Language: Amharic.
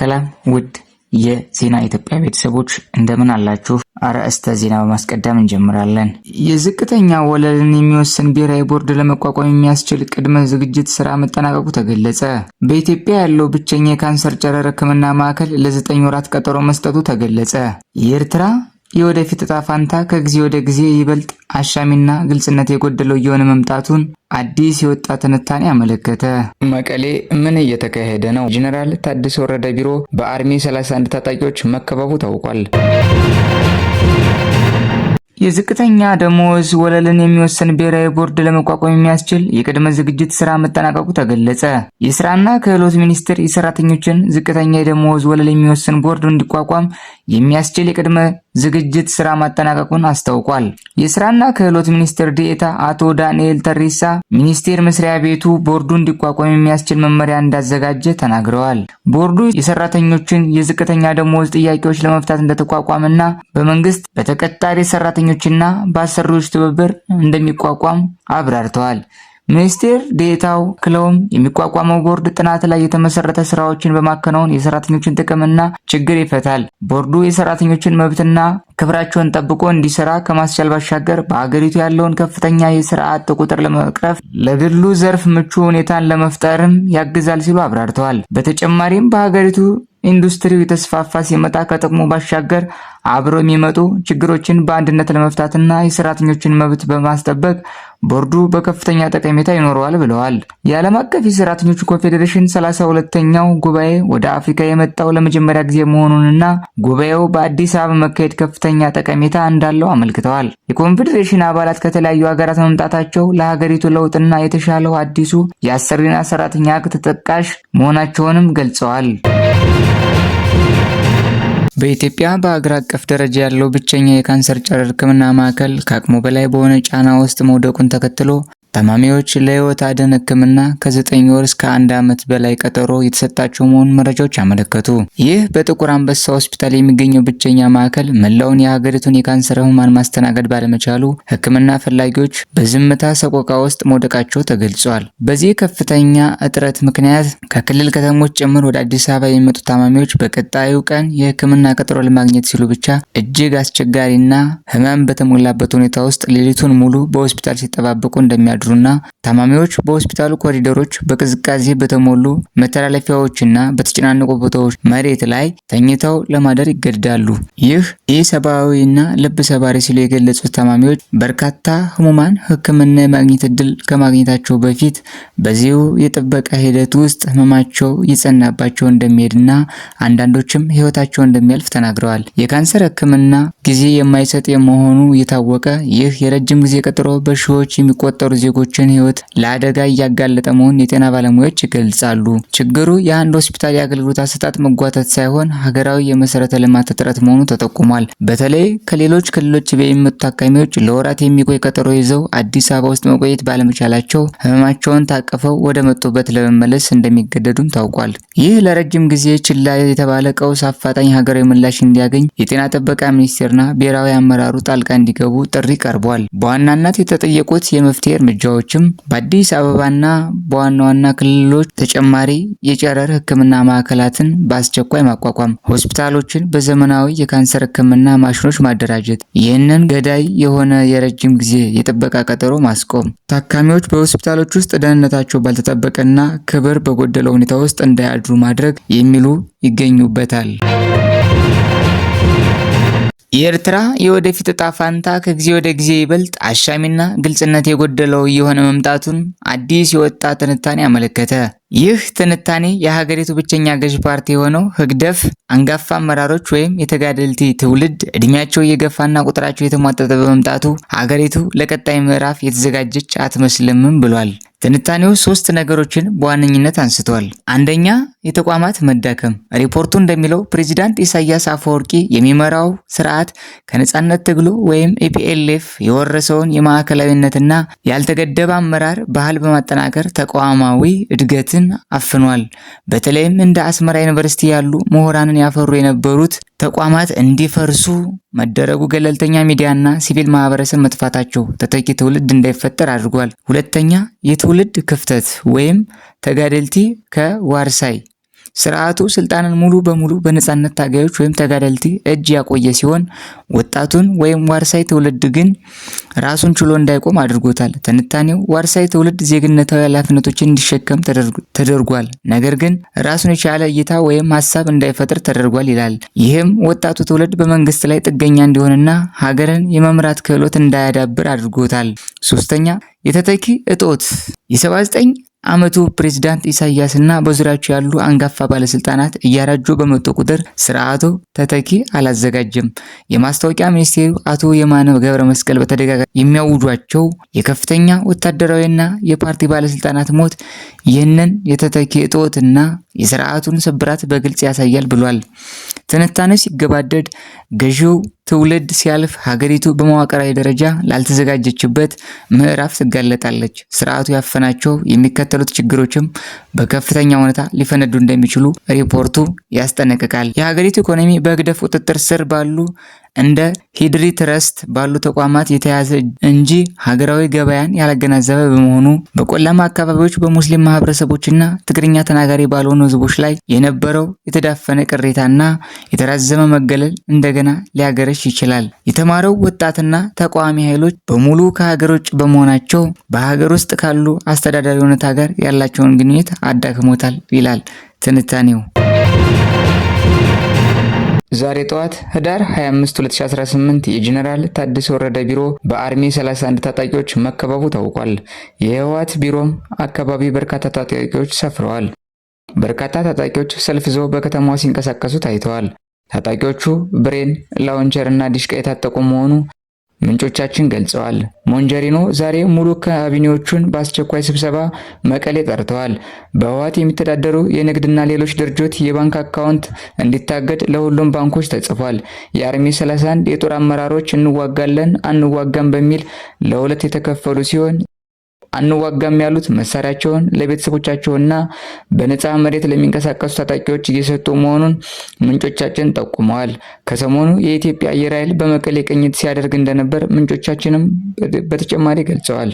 ሰላም ውድ የዜና ኢትዮጵያ ቤተሰቦች እንደምን አላችሁ? አርዕስተ ዜና በማስቀደም እንጀምራለን። የዝቅተኛ ወለልን የሚወስን ብሔራዊ ቦርድ ለመቋቋም የሚያስችል ቅድመ ዝግጅት ስራ መጠናቀቁ ተገለጸ። በኢትዮጵያ ያለው ብቸኛ የካንሰር ጨረር ሕክምና ማዕከል ለዘጠኝ ወራት ቀጠሮ መስጠቱ ተገለጸ። የኤርትራ የወደፊት እጣ ፋንታ ከጊዜ ወደ ጊዜ ይበልጥ አሻሚና ግልጽነት የጎደለው እየሆነ መምጣቱን አዲስ የወጣ ትንታኔ አመለከተ። መቀሌ ምን እየተካሄደ ነው? ጄኔራል ታደሰ ወረደ ቢሮ በአርሚ 31 ታጣቂዎች መከበቡ ታውቋል። የዝቅተኛ ደሞዝ ወለልን የሚወሰን ብሔራዊ ቦርድ ለመቋቋም የሚያስችል የቅድመ ዝግጅት ስራ መጠናቀቁ ተገለጸ። የስራና ክህሎት ሚኒስቴር የሰራተኞችን ዝቅተኛ የደሞዝ ወለል የሚወሰን ቦርድ እንዲቋቋም የሚያስችል የቅድመ ዝግጅት ስራ ማጠናቀቁን አስታውቋል። የስራና ክህሎት ሚኒስትር ዴኤታ አቶ ዳንኤል ተሪሳ ሚኒስቴር መስሪያ ቤቱ ቦርዱ እንዲቋቋም የሚያስችል መመሪያ እንዳዘጋጀ ተናግረዋል። ቦርዱ የሰራተኞችን የዝቅተኛ ደሞዝ ጥያቄዎች ለመፍታት እንደተቋቋመና በመንግስት በተቀጣሪ ሰራተኞችና በአሰሪዎች ትብብር እንደሚቋቋም አብራርተዋል። ሚኒስቴር ዴታው ክለውም የሚቋቋመው ቦርድ ጥናት ላይ የተመሰረተ ስራዎችን በማከናወን የሰራተኞችን ጥቅምና ችግር ይፈታል። ቦርዱ የሰራተኞችን መብትና ክብራቸውን ጠብቆ እንዲሰራ ከማስቻል ባሻገር በአገሪቱ ያለውን ከፍተኛ የስራ አጥ ቁጥር ለመቅረፍ ለግሉ ዘርፍ ምቹ ሁኔታን ለመፍጠርም ያግዛል ሲሉ አብራርተዋል። በተጨማሪም በሀገሪቱ ኢንዱስትሪው የተስፋፋ ሲመጣ ከጥቅሙ ባሻገር አብረው የሚመጡ ችግሮችን በአንድነት ለመፍታትና የሰራተኞችን መብት በማስጠበቅ ቦርዱ በከፍተኛ ጠቀሜታ ይኖረዋል ብለዋል። የዓለም አቀፍ የሰራተኞች ኮንፌዴሬሽን ሰላሳ ሁለተኛው ጉባኤ ወደ አፍሪካ የመጣው ለመጀመሪያ ጊዜ መሆኑንና ጉባኤው በአዲስ አበባ መካሄድ ከፍተኛ ጠቀሜታ እንዳለው አመልክተዋል። የኮንፌዴሬሽን አባላት ከተለያዩ ሀገራት መምጣታቸው ለሀገሪቱ ለውጥና የተሻለው አዲሱ የአሰሪና ሰራተኛ ሕግ ተጠቃሽ መሆናቸውንም ገልጸዋል። በኢትዮጵያ በአገር አቀፍ ደረጃ ያለው ብቸኛ የካንሰር ጨረር ሕክምና ማዕከል ከአቅሙ በላይ በሆነ ጫና ውስጥ መውደቁን ተከትሎ ታማሚዎች ለህይወት አድን ህክምና ከ9 ወር እስከ አንድ ዓመት በላይ ቀጠሮ የተሰጣቸው መሆኑን መረጃዎች አመለከቱ። ይህ በጥቁር አንበሳ ሆስፒታል የሚገኘው ብቸኛ ማዕከል መላውን የሀገሪቱን የካንሰር ህሙማን ማስተናገድ ባለመቻሉ ህክምና ፈላጊዎች በዝምታ ሰቆቃ ውስጥ መውደቃቸው ተገልጿል። በዚህ ከፍተኛ እጥረት ምክንያት ከክልል ከተሞች ጭምር ወደ አዲስ አበባ የሚመጡ ታማሚዎች በቀጣዩ ቀን የህክምና ቀጠሮ ለማግኘት ሲሉ ብቻ እጅግ አስቸጋሪና ህመም በተሞላበት ሁኔታ ውስጥ ሌሊቱን ሙሉ በሆስፒታል ሲጠባበቁ እንደሚያ እንዲያድሩና ታማሚዎች በሆስፒታሉ ኮሪደሮች በቅዝቃዜ በተሞሉ መተላለፊያዎችና በተጨናነቁ ቦታዎች መሬት ላይ ተኝተው ለማደር ይገድዳሉ። ይህ ኢሰብአዊና ልብ ሰባሪ ሲሉ የገለጹት ታማሚዎች በርካታ ህሙማን ሕክምና የማግኘት እድል ከማግኘታቸው በፊት በዚሁ የጥበቃ ሂደት ውስጥ ህመማቸው ይጸናባቸው እንደሚሄድና አንዳንዶችም ህይወታቸው እንደሚያልፍ ተናግረዋል። የካንሰር ሕክምና ጊዜ የማይሰጥ የመሆኑ የታወቀ ይህ የረጅም ጊዜ ቀጠሮ በሺዎች የሚቆጠሩ የዜጎችን ሕይወት ለአደጋ እያጋለጠ መሆኑን የጤና ባለሙያዎች ይገልጻሉ። ችግሩ የአንድ ሆስፒታል የአገልግሎት አሰጣጥ መጓተት ሳይሆን ሀገራዊ የመሰረተ ልማት እጥረት መሆኑ ተጠቁሟል። በተለይ ከሌሎች ክልሎች የሚመጡ ታካሚዎች ለወራት የሚቆይ ቀጠሮ ይዘው አዲስ አበባ ውስጥ መቆየት ባለመቻላቸው ህመማቸውን ታቅፈው ወደ መጡበት ለመመለስ እንደሚገደዱም ታውቋል። ይህ ለረጅም ጊዜ ችላ የተባለ ቀውስ አፋጣኝ ሀገራዊ ምላሽ እንዲያገኝ የጤና ጥበቃ ሚኒስቴርና ብሔራዊ አመራሩ ጣልቃ እንዲገቡ ጥሪ ቀርቧል። በዋናነት የተጠየቁት የመፍትሄ እርምጃ እርምጃዎችም በአዲስ አበባና በዋና ዋና ክልሎች ተጨማሪ የጨረር ህክምና ማዕከላትን በአስቸኳይ ማቋቋም፣ ሆስፒታሎችን በዘመናዊ የካንሰር ህክምና ማሽኖች ማደራጀት፣ ይህንን ገዳይ የሆነ የረጅም ጊዜ የጥበቃ ቀጠሮ ማስቆም፣ ታካሚዎች በሆስፒታሎች ውስጥ ደህንነታቸው ባልተጠበቀና ክብር በጎደለው ሁኔታ ውስጥ እንዳያድሩ ማድረግ የሚሉ ይገኙበታል። የኤርትራ የወደፊት እጣ ፋንታ ከጊዜ ወደ ጊዜ ይበልጥ አሻሚና ግልጽነት የጎደለው እየሆነ መምጣቱን አዲስ የወጣ ትንታኔ አመለከተ። ይህ ትንታኔ የሀገሪቱ ብቸኛ ገዥ ፓርቲ የሆነው ህግደፍ አንጋፋ አመራሮች ወይም የተጋደልቲ ትውልድ እድሜያቸው እየገፋና ቁጥራቸው የተሟጠጠ በመምጣቱ ሀገሪቱ ለቀጣይ ምዕራፍ የተዘጋጀች አትመስልምም ብሏል። ትንታኔው ሶስት ነገሮችን በዋነኝነት አንስቷል። አንደኛ የተቋማት መዳከም። ሪፖርቱ እንደሚለው ፕሬዚዳንት ኢሳያስ አፈወርቂ የሚመራው ስርዓት ከነጻነት ትግሉ ወይም ኢፒኤልኤፍ የወረሰውን የማዕከላዊነትና ያልተገደበ አመራር ባህል በማጠናከር ተቋማዊ እድገትን አፍኗል። በተለይም እንደ አስመራ ዩኒቨርሲቲ ያሉ ምሁራንን ያፈሩ የነበሩት ተቋማት እንዲፈርሱ መደረጉ ገለልተኛ ሚዲያና ሲቪል ማህበረሰብ መጥፋታቸው ተተኪ ትውልድ እንዳይፈጠር አድርጓል። ሁለተኛ የትውልድ ክፍተት ወይም ተጋደልቲ ከዋርሳይ ስርዓቱ ስልጣንን ሙሉ በሙሉ በነጻነት ታጋዮች ወይም ተጋደልቲ እጅ ያቆየ ሲሆን ወጣቱን ወይም ዋርሳይ ትውልድ ግን ራሱን ችሎ እንዳይቆም አድርጎታል። ትንታኔው ዋርሳይ ትውልድ ዜግነታዊ ኃላፊነቶችን እንዲሸከም ተደርጓል፣ ነገር ግን ራሱን የቻለ እይታ ወይም ሀሳብ እንዳይፈጥር ተደርጓል ይላል። ይህም ወጣቱ ትውልድ በመንግስት ላይ ጥገኛ እንዲሆንና ሀገርን የመምራት ክህሎት እንዳያዳብር አድርጎታል። ሶስተኛ የተተኪ እጦት የ79 አመቱ ፕሬዝዳንት ኢሳያስና በዙሪያቸው ያሉ አንጋፋ ባለስልጣናት እያረጁ በመጡ ቁጥር ስርዓቱ ተተኪ አላዘጋጀም። የማስታወቂያ ሚኒስቴሩ አቶ የማነ ገብረ መስቀል በተደጋጋሚ የሚያውጇቸው የከፍተኛ ወታደራዊና የፓርቲ ባለስልጣናት ሞት ይህንን የተተኪ እጦትና የስርዓቱን ስብራት በግልጽ ያሳያል ብሏል። ትንታኔ ሲገባደድ ገዢው ትውልድ ሲያልፍ ሀገሪቱ በመዋቅራዊ ደረጃ ላልተዘጋጀችበት ምዕራፍ ትጋለጣለች። ስርዓቱ ያፈናቸው የሚከተሉት ችግሮችም በከፍተኛ ሁኔታ ሊፈነዱ እንደሚችሉ ሪፖርቱ ያስጠነቅቃል። የሀገሪቱ ኢኮኖሚ በግደፍ ቁጥጥር ስር ባሉ እንደ ሂድሪ ትረስት ባሉ ተቋማት የተያዘ እንጂ ሀገራዊ ገበያን ያላገናዘበ በመሆኑ በቆላማ አካባቢዎች በሙስሊም ማህበረሰቦችና ትግርኛ ተናጋሪ ባልሆኑ ህዝቦች ላይ የነበረው የተዳፈነ ቅሬታና የተራዘመ መገለል እንደገና ሊያገረሽ ይችላል። የተማረው ወጣትና ተቃዋሚ ኃይሎች በሙሉ ከሀገር ውጭ በመሆናቸው በሀገር ውስጥ ካሉ አስተዳዳሪ ሁኔታ ጋር ያላቸውን ግንኙነት አዳክሞታል ይላል ትንታኔው። ዛሬ ጠዋት ህዳር 25 2018 የጄኔራል ታደሰ ወረደ ቢሮ በአርሚ 31 ታጣቂዎች መከበቡ ታውቋል። የህወሓት ቢሮም አካባቢ በርካታ ታጣቂዎች ሰፍረዋል። በርካታ ታጣቂዎች ሰልፍ ይዘው በከተማዋ ሲንቀሳቀሱ ታይተዋል። ታጣቂዎቹ ብሬን፣ ላውንቸር እና ዲሽቃ የታጠቁ መሆኑ ምንጮቻችን ገልጸዋል። ሞንጀሪኖ ዛሬ ሙሉ ካቢኔዎቹን በአስቸኳይ ስብሰባ መቀሌ ጠርተዋል። በህወሓት የሚተዳደሩ የንግድና ሌሎች ድርጅቶች የባንክ አካውንት እንዲታገድ ለሁሉም ባንኮች ተጽፏል። የአርሚ 31 የጦር አመራሮች እንዋጋለን አንዋጋም በሚል ለሁለት የተከፈሉ ሲሆን አንዋጋም ያሉት መሳሪያቸውን ለቤተሰቦቻቸውና በነፃ መሬት ለሚንቀሳቀሱ ታጣቂዎች እየሰጡ መሆኑን ምንጮቻችን ጠቁመዋል። ከሰሞኑ የኢትዮጵያ አየር ኃይል በመቀሌ ቅኝት ሲያደርግ እንደነበር ምንጮቻችንም በተጨማሪ ገልጸዋል።